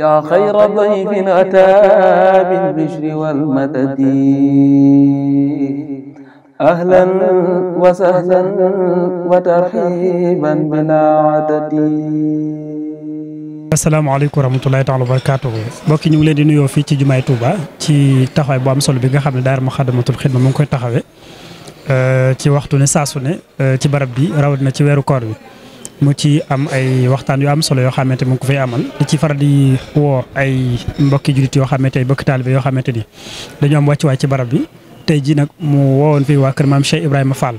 yaa xayra dayfin ataa bil bishri wal madadi ahlan wa sahlan wa tarhiiban bilaa adadi. asalaamaaleykum wa wa barakaatuhu. mbokk yi ñu ngi leen di nuyoo fii ci jumaay Touba ci taxawaay bu am solo bi nga xam ne daara Muxaddamatul Xidma mu ngi koy taxawee ci waxtu ne saasu ne ci barab bi rawatina ci weeru koor bi. mu ci am ay waxtaan yu am solo yoo xamante mu ko fay amal di ci faral di woo ay mbokki jullit yoo xamante ay mbokki taalibe yoo xamante ni dañoo am wàccuwaay ci barab bi tey jii nag mu wowoon fi waa kër maam Cheikh Ibrahima Fall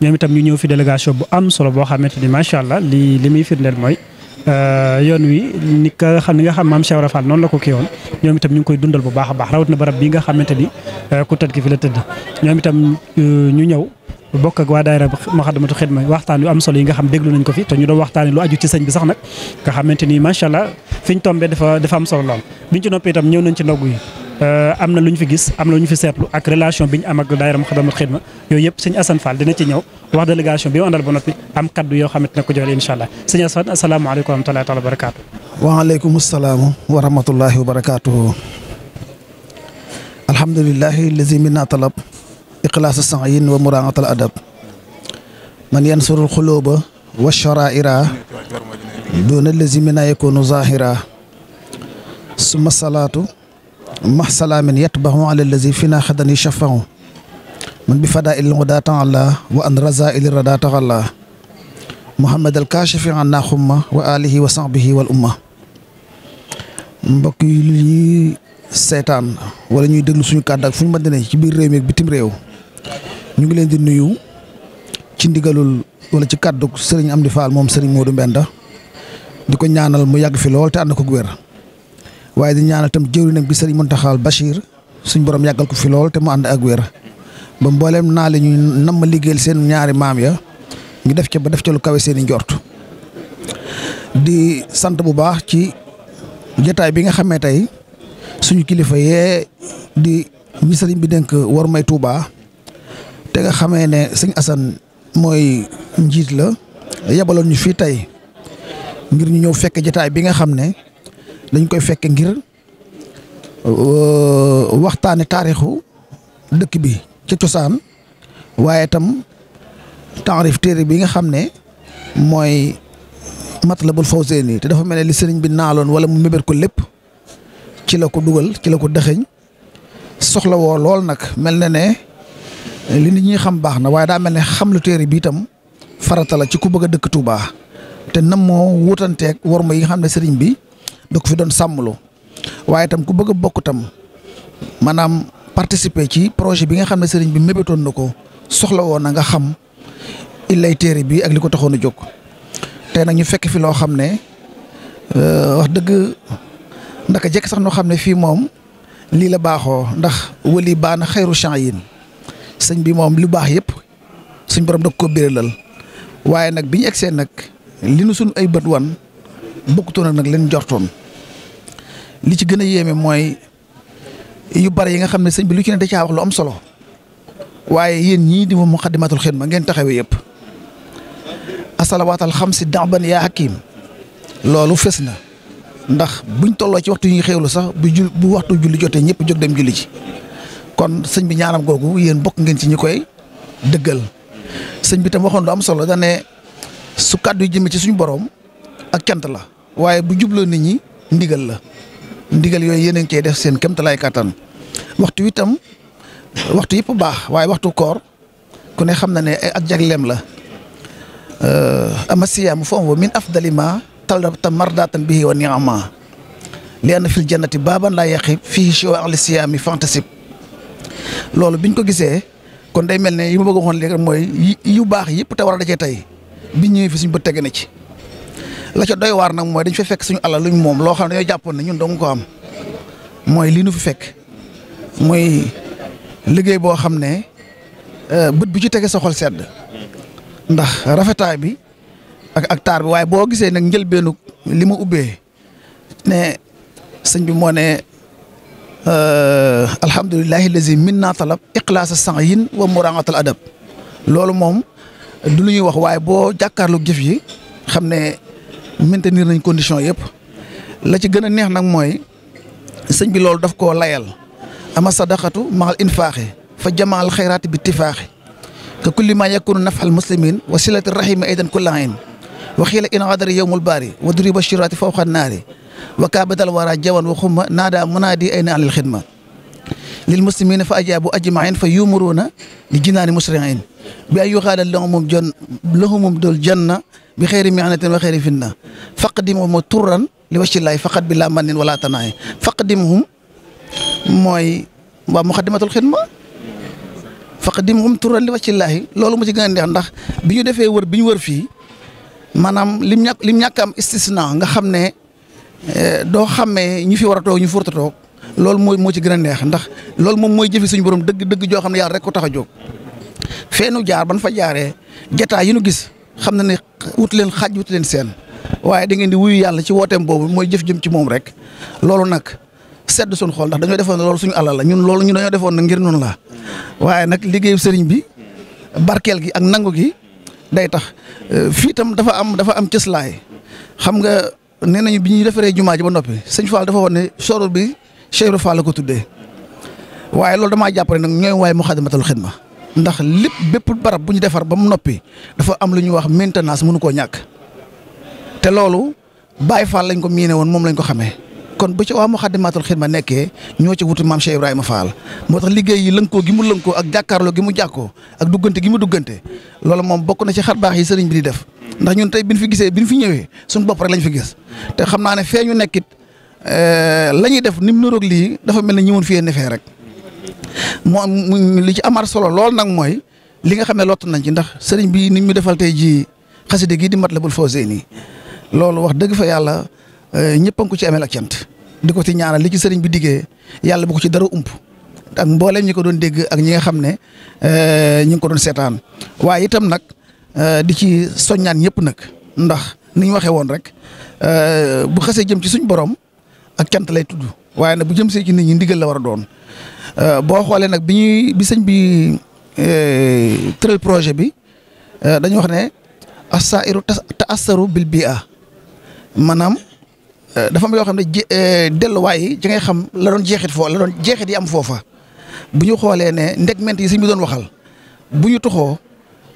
ñoom itam ñu ñëw fi délégation bu am solo boo xamante ni macha allah li li muy firndeel mooy euh, yoon wi ni ka xam ni nga xam maam Cheikh Ibrahima Fall la ko kii woon ñoom itam ngi koy dundal bu baax a baax rawat na barab bii nga xamante ni euh, ku fi la tëdd ñoom itam euh, ñu ñëw bokk ak waa daayira Moukhaddamatoul Khidma waxtaan yu am solo yi nga xam déglu nañ ko fi te ñu doon waxtaane lu aju ci sëñ bi sax nag nga xamante ni macha allah fi ñu tombee dafa dafa am solo lool biñ ci noppee itam ñëw nañ ci ndogu yi euh, am na lu ñu fi gis am na lu ñu fi seetlu ak relation bi ñu am ak daayira Moukhaddamatoul Khidma yooyu yëpp sëñ Assane Fall dina ci ñëw wax délégation bi mu àndal ba noppi am kaddu yoo xamante ne ko joxle incha allah sëñ Assane asalaamaaleykum wa rahmatullahi taala wa barakaatu waaleykum salaam wa rahmatullahi wa barakaatu alhamdulilahi lazi minna talab ixlaasa sa'yin wa muraa'atal adab man yansurul xuluuba wa sharaa'ira doona lazi mina yakunu zaahira summa salaatu ma salaamin yatbahu ala lazi fina xadan yushaffahu man bi fadaa il ngudaa taala wa an razaa il radaa taala muhammad al kaashifi an naa xumma wa alihi wa sahbihi wal umma mbokk yi ñuy seetaan wala ñuy déglu suñu kàddu ak fu ñu mën di ne ci biir réew mi ak bitim réew ñu ngi leen di nuyu ci ndigalul wala ci kàddu sëriñ Amdi Fall moom sëriñ Modou Mbenda di ko ñaanal mu yàgg fi lool te ànd ko wér waaye di ñaanal tam jëwriñam bi sëriñ Muntaxal Bachir suñ borom yàggal fi lool te mu ànd ba mbooleem naa la ñu nam ma liggéeyal seen ñaari maam ya ngi def ca ba def ca lu kawe seen i di sant bu baax ci jotaay bi nga xamee tey suñu kilifa yee di ñi sëriñ bi dénk war may Touba. te nga xamee ne sëñ Assane mooy njiit la yebaloon ñu fii tey ngir ñu ñëw fekke jataay bi nga xam ne dañ koy fekke ngir euh, waxtaane taarixu dëkk bi ci cosaan waaye tam taarif téere bii nga xam ne mooy la bul Matlabul Fawzeyni te dafa mel ne li sëriñ bi naaloon wala mu mébét ko lépp ci la ko dugal ci la ko dëxëñ soxla woo lool nag mel na ne li nit ñuy xam baax na waaye daa mel ne xam lu téere bi tam farata la ci ku bëgg a dëkk Touba te nam moo war worma yi nga xam ne sëriñ bi da ko fi doon sàmmlu waaye itam ku bëgg a bokk tam maanaam participer ci projet bi nga xam ne sëriñ bi mébétoon na ko soxla woon na nga xam illay téere bi ak li ko taxoon a jóg tey nag ñu fekk fi loo xam ne euh, wax dëgg ndaka jekk sax noo xam ne fii moom lii la baaxoo ndax wali baana xayru chanyin sëñ bi moom lu baax yëpp suñ borom da ko béralal waaye nag bi ñu egsee nag li nu suñ ay bët wan bokkutoon ak nag leen jortoon li ci gën a yéeme mooy yu bari yi nga xam ne sëñ bi lu ci ne da caa wax lu am solo waaye yéen ñii di moom xeen xidma ngeen taxawee yëpp asalawaatal xam si daaban yaa hakim loolu fes na ndax buñ tolloo ci waxtu yi ñuy xéewlu sax bu jul bu waxtu julli jotee ñëpp jóg dem julli ji kon sëñ bi ñaanam googu yéen bokk ngeen ci ñi koy dëggal sëñ bi tam waxoon lu am solo da ne su kàddu yi jëmee ci suñu boroom ak cant la waaye bu jubloo nit ñi ndigal la ndigal yooyu yéen a ngi cey def seen kéemtalaay kattan waxtu wi tam waxtu yëpp baax waaye waxtu koor ku ne xam na ne ak jagleem la euh, ama siyaamu fa huwa min afdali ma talabta mardatan bihi wa ni'ama li anna fil jannati baaban laa yaqib fihi shiwa ahli siyaami fantasib loolu biñ ko gisee kon day mel ne yi ma bëgg a léegi mooy yu baax yëpp te war a dajee tey biñ ñëwee fi suñ bët tege na ci la ca doy waar nag mooy dañ fa fekk suñu alal luñ moom loo xam ne dañoo jàppoon ne ñun ko am mooy lii fekk mooy liggéey boo xam ne euh, bët bu ci tege sa xol sedd ndax rafetaay bi ak ak taar bi waaye boo gisee nag njëlbeenu li ma ubbee ne sëñ bi moo Euh, alhamdulilahi lazi min naa talab iqlaasa yin wa muraatal adab loolu moom du lu ñuy wax waaye boo jàkkaarloog jëf yi xam ne maintenir nañ condition yëpp la ci gën a neex nag mooy sëñ bi loolu daf koo layal ama sadaqatu maal infaaxi fa jamaal xayraati bi tifaaxi ka kulli ma yakunu nafxal muslimin wa silati rahima aidan kullahin wa xiila in adari yowmul baari wa duriba shiraati fawqa naari wa kaabatal wara jawan wa xumma naada munaadi ayna alil xidma lil muslimina fa ajaabu ajmain fa yumuruuna li jinaani musriin bi ay yuxaala lahumum jon lahumum dul janna bi xeeri mihnatin wa xeeri finna faqdimuhum turran li waccillaay faqat bi laa mannin wala tanaay faqdimuhum mooy waa muxadimatul xidma faqdimuhum turran li waccillaay loolu mu ci gën a ndax bi ñu defee wër bi ñu wër fii maanaam lim ñàkk lim ñàkk am nga xam ne Eh, doo xamee ñi fi war a toog ñu fi war loolu mooy moo ci gën a neex ndax lool moom mooy jëfi suñu borom dëgg dëgg joo xam ne yàlla rek ko tax a jóg. feenu jaar ban fa jaaree jetaa yi nu gis xam na ne wut leen xaj wut leen seen waaye da ngeen di wuyu yàlla ci wooteem boobu mooy jëf jëm ci moom rek loolu nag sedd suñu xool ndax dañoo defoon loolu suñu alal la ñun loolu ñu dañoo defoon na ngir noonu la waaye nag liggéeyu sëriñ bi barkeel gi ak nangu gi day tax eh, fii tam dafa am dafa am cëslaay xam nee nañu bi ñuy defaree jumaa ji ba noppi sëñ Fall dafa woon ne soro bi Cheikh Ibra la ko tuddee waaye loolu damaa jàpp ne nag ñooy waaye Moukhaddamatoul Khidma ndax lépp bépp barab bu ñu defar ba mu noppi dafa am lu ñuy wax maintenance mënu koo ñàkk te loolu Baye Fall lañ ko miine woon moom lañ ko xamee kon ba ci waa Moukhaddamatoul ma nekkee ñoo ci wut maam Cheikh Ibrahima Fall moo tax liggéey yi lënkoo gi mu lënkoo ak jàkkaarloo gi mu jàkkoo ak duggante gi mu duggante loolu moom bokk na ci xar baax yi sëriñ bi di def ndax ñun tey bi ñu fi gisee bi ñu fi ñëwee suñu bopp rek lañ fi gis te xam naa ne fee ñu nekkit euh, la ñuy def ni mu niroog lii dafa mel ne ñëwoon fii ne fee moo moom li ci amaat solo lool nag mooy li nga xam ne lott nañ ci ndax sëriñ bi ni ñu defal tey jii xaside gi di Matlabul Fawzayni loolu wax dëgg fa yàlla euh, ñëpp a ngi ko ci ameel ak cant di ko ci ñaanal li ci sëriñ bi diggee yàlla bu ci dara ump ak mbooleem ñi ko doon dégg ak ñi nga xam ne euh, ñu ngi ko doon seetaan waaye itam nag Euh, di ci soññaan ñëpp nag ndax ni ñu waxee woon rek euh, bu xasee jëm ci suñ borom ak cant lay tudd waaye nag bu jëm see ci nit ñi ndigal la war a doon euh, boo xoolee nag bi ñuy bi bi tëral projet bi dañu wax ne asairu ta assaru bil bia maanaam dafa am yoo xam ne delluwaay ci ngay xam la doon jeexit foo la doon jeexit am foofa bu ñu xoolee ne ndegment yi sëñ bi doon waxal bu ñu toxoo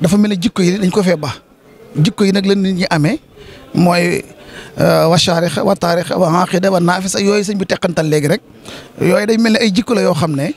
dafa mel ne jikko yi dañ ko fee baax jikko yi nag la nit ñi amee mooy euh, wa charix wa taarix wa aqida wa naafis ak yooyu sëñ bi teqantal léegi rek yooyu day mel ne ay jikko la yoo xam ne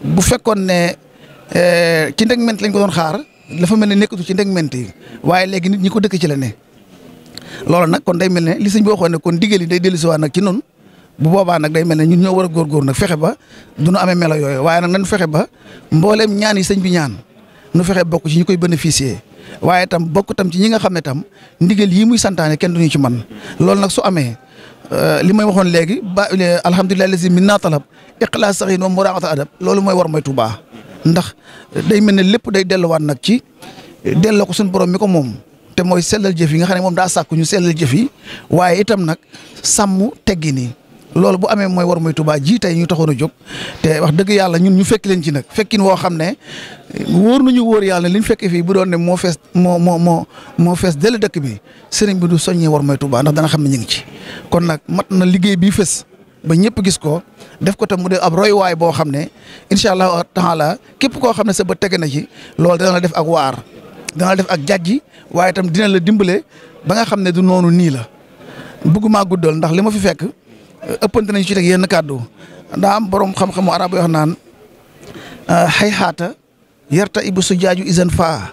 bu fekkoon ne euh, ci ndegment lañ ko doon xaar dafa mel ne nekkatu ci ndegment yi waaye léegi nit ñi ko dëkk ci la ne. loolu nag kon day mel ne li sañ bi waxoon ne kon digal yi day dellusiwaat nag ci noonu bu boobaa nag day mel ne ñun ñoo war a góorgóor nag fexe ba du nu amee melo yooyu waaye nag nañ fexe ba mbooleem ñaan yi sëñ bi ñaan. nu fexe bokk ci ñi koy bénéficier waaye tam bokk tam ci ñi nga xam ne tam ndigal yi muy santaane kenn duñu ci man loolu nag su amee euh, li may waxoon léegi ba euh, alhamdulilah lazi min naa talab iqlaas sax yi moom muraata adab loolu mooy war mooy Tuubaa ndax day mel ne lépp day delluwaat nag ci delloo ko suñu borom mi ko moom te mooy sellal jëf yi nga xam ne moom daa sàkku ñu sellal jëf yi waaye itam nag sàmm teggi nii loolu bu amee mooy war muy Touba ji tey ñu taxoon a jóg te wax dëgg yàlla ñun ñu fekk leen ci nag fekkin woo xam ne wóor nañu wóor yàlla ne li ñu fekkee fii bu doon ne moo fees moo moo moo moo fees dell dëkk bi sëriñ bi du soññee war mooy tubaa ndax dana xam ne ñu ngi ci. kon nag mat na liggéey bii fës ba ñëpp gis ko def ko tam mu dee ab roy waay boo xam ne incha allah taala képp koo xam ne sa ba tegee na ci loolu dana def ak waar dana def ak jàjji waaye tam dina la dimbale ba nga xam ne du noonu nii la bëgguma guddal ndax li ma fi fekk. ëppante nañ ci teg yenn kàddu daa am boroom xam-xamu arab yoo naan xay ah, xaata yarta ibu su jaaju isan faa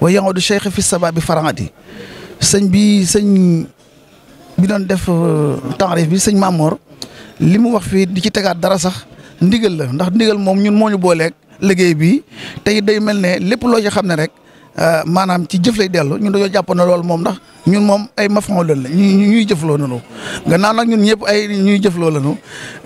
wa yango du cheikh fi saba bi farangati sëñ bi sëñ bi doon def uh, taarif bi sëñ Mamor li mu wax fii di ci tegaat dara sax ndigal la ndax ndigal moom ñun moo ñu booleeg liggéey bi tey day mel ne lépp loo ci xam ne rek. Euh, maanaam ci jëf lay dellu ñu dañoo jàpp na loolu moom ndax ñun moom ay mafon lën la ñu ñuy jëfloo nanu gannaaw nag ñun ñëpp ay ñuy jëfloo lanu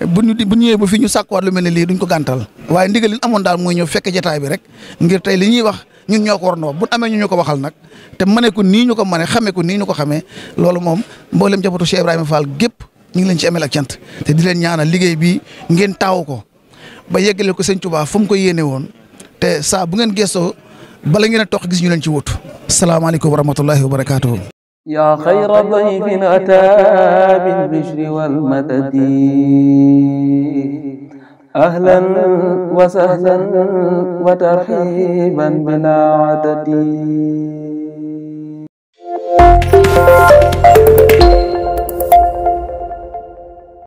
bu ñu bu ñëwee ba fi ñu sàkkuwaat lu mel ne lii duñ ko gàntal waaye ndigal li amoon daal mooy ñëw fekk jataay bi rek ngir tey li ñuy wax ñun ñoo ko war na wax bu amee ñu ñu ko waxal nag te mëne ko nii ñu ko mëne xamee ko nii ñu ko xamee loolu moom mboolem jabatu Cheikh Ibrahima Fall gépp ñu ngi leen ci amel ak cant te di leen ñaanal liggéey bi ngeen taaw ko ba yeggale ko sëñ Tuubaa fu mu ko yéene woon te saa bu ngeen gëstoo bala ngeen a gis ñu leen ci wutu salaamaaleykum wa rahmatullahi wa barakaatuhu yaa xayra dayfin ataa bil bishri wal madadi adadi